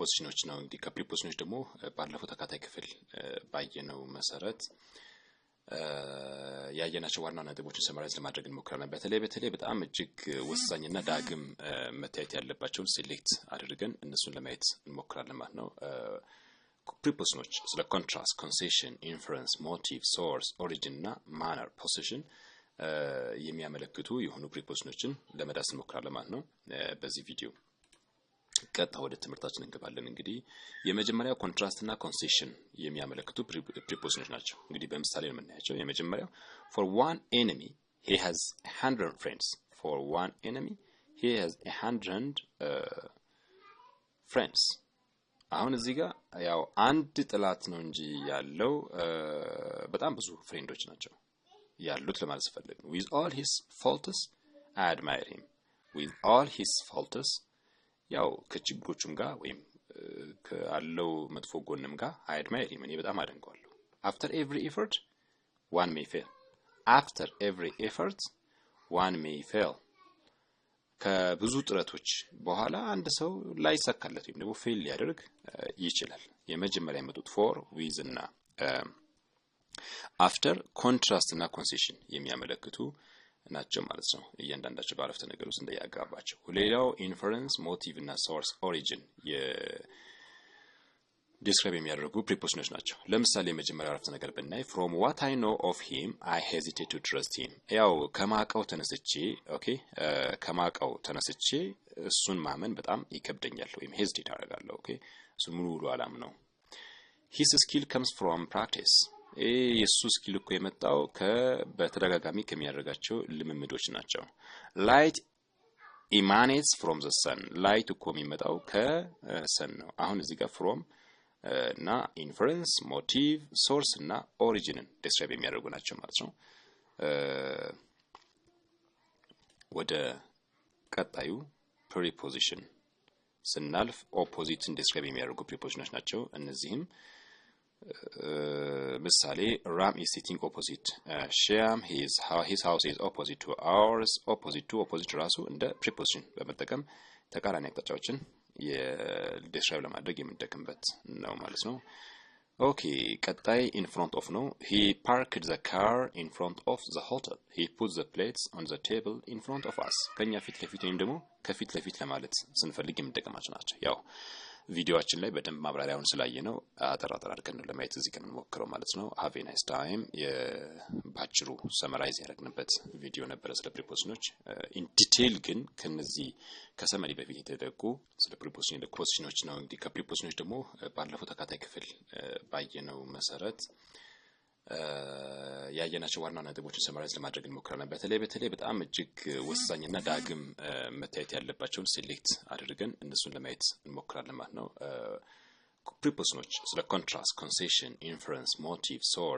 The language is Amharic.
ፖዚሽኖች ነው። እንግዲህ ፖዚሽኖች ደግሞ ባለፈው ተካታይ ክፍል ባየነው መሰረት ያየናቸው ዋና ነጥቦችን ሰማራይዝ ለማድረግ እንሞክራለን። በተለይ በተለይ በጣም እጅግ ወሳኝና ዳግም መታየት ያለባቸውን ሴሌክት አድርገን እነሱን ለማየት እንሞክራለን ማለት ነው። ፕሪፖዚሽኖች ስለ ኮንትራስት፣ ኮንሴሽን፣ ኢንፈረንስ፣ ሞቲቭ፣ ሶርስ፣ ኦሪጂን እና ማነር ፖሲሽን የሚያመለክቱ የሆኑ ፕሪፖዚሽኖችን ለመዳስ እንሞክራለን ማለት ነው በዚህ ቪዲዮ ቀጥታ ወደ ትምህርታችን እንገባለን። እንግዲህ የመጀመሪያ ኮንትራስት እና ኮንሴሽን የሚያመለክቱ ፕሪፖዚሽኖች ናቸው። እንግዲህ በምሳሌ ነው የምናያቸው። የመጀመሪያው ፎር ዋን ኤኒሚ ሂ ሃዝ ሃንድረድ ፍሬንድስ። ፎር ዋን ኤኒሚ ሂ ሃዝ ሃንድረድ ፍሬንድስ። አሁን እዚህ ጋር ያው አንድ ጥላት ነው እንጂ ያለው uh, በጣም ብዙ ፍሬንዶች ናቸው ያሉት ለማለት ስፈልግ ዊዝ ኦል ሂስ ፎልትስ አድማይር ሂም ዊዝ ኦል ሂስ ፎልትስ ያው ከችግሮቹም ጋር ወይም ካለው መጥፎ ጎንም ጋር አያድማየር ሂመን በጣም አደንቀዋለሁ። አፍተር ኤቭሪ ኤፈርት ዋን ሜይ ፌል አፍተር ኤቭሪ ኤፈርት ዋን ሜይ ፌል ከብዙ ጥረቶች በኋላ አንድ ሰው ላይሳካለት ወይም ደግሞ ፌል ሊያደርግ ይችላል። የመጀመሪያ የመጡት ፎር ዊዝ እና አፍተር ኮንትራስት እና ኮንሴሽን የሚያመለክቱ ናቸው ማለት ነው። እያንዳንዳቸው በአረፍተ ነገር ውስጥ እንደያጋባቸው። ሌላው ኢንፈረንስ፣ ሞቲቭ እና ሶርስ ኦሪጂን ዲስክራይብ የሚያደርጉ ፕሪፖዚሽኖች ናቸው። ለምሳሌ የመጀመሪያ አረፍተ ነገር ብናይ ፍሮም ዋት አይ ኖ ኦፍ ሂም አይ ሄዚቴት ቱ ትረስት ሂም። ያው ከማቀው ተነስቼ ኦኬ፣ ከማቀው ተነስቼ እሱን ማመን በጣም ይከብደኛል ወይም ሄዚቴት አደርጋለሁ። ኦኬ፣ እሱ ሙሉ አላም ነው። ሂስ ስኪል ከምስ ፍሮም ፕራክቲስ ኢየሱስ ኪልኮ የመጣው በተደጋጋሚ ከሚያደርጋቸው ልምምዶች ናቸው። ላይት ኢማኔትስ ፍሮም ዘ ሰን ላይት እኮ የሚመጣው ከሰን ነው። አሁን እዚህ ጋር ፍሮም እና ኢንፈረንስ ሞቲቭ፣ ሶርስ እና ኦሪጂንን ዲስክራይብ የሚያደርጉ ናቸው ማለት ነው። ወደ ቀጣዩ ፕሪፖዚሽን ስናልፍ ኦፖዚትን ዲስክራይብ የሚያደርጉ ፕሪፖዚሽኖች ናቸው። እነዚህም ምሳሌ ራም ኢዝ ሲቲንግ ኦፖዚት ሺያም ሂዝ ሃውስ ኢዝ ኦፖዚት ቱ አወርስ ኦፖዚት ቱ ኦፖዚት ራሱ እንደ ፕሪፖዚሽን በመጠቀም ተቃራኒ አቅጣጫዎችን የዲስክራይብ ለማድረግ የምንጠቀምበት ነው ማለት ነው። ኦኬ ቀጣይ ኢን ኦፍ ነው። ሂ ፓርክድ ዘ ካር ኢን ኦፍ ዘ ሆቴል። ሂ ፑት ዘ ፕሌትስ ኦን ዘ ቴብል ኢን ኦፍ አስ ከኛ ፊት ለፊት ወይም ደግሞ ከፊት ለፊት ለማለት ስንፈልግ የምንጠቀማቸው ናቸው ያው ቪዲዮችን ላይ በደንብ ማብራሪያውን ስላየ ነው አጠር አጠር አድርገን ለማየት እዚህ ከምንሞክረው ማለት ነው። ሀቭ ናይስ ታይም በአጭሩ ሰመራይዝ ያደረግንበት ቪዲዮ ነበረ ስለ ፕሪፖዚሽኖች። ኢንዲቴይል ግን ከነዚህ ከሰመሪ በፊት የተደጉ ስለ ፕሪፖዚሽን ፕሪፖዚሽኖች ነው። እንግዲህ ከፕሪፖዚሽኖች ደግሞ ባለፈው ተካታይ ክፍል ባየነው መሰረት ያየናቸው ዋና ነጥቦችን ሰማራይዝ ለማድረግ እንሞክራለን። በተለይ በተለይ በጣም እጅግ ወሳኝና ዳግም መታየት ያለባቸውን ሴሌክት አድርገን እነሱን ለማየት እንሞክራለን ማለት ነው። ፕሪፖዚሽኖች ስለ ኮንትራስት፣ ኮንሴሽን፣ ኢንፈረንስ፣ ሞቲቭ፣ ሶርስ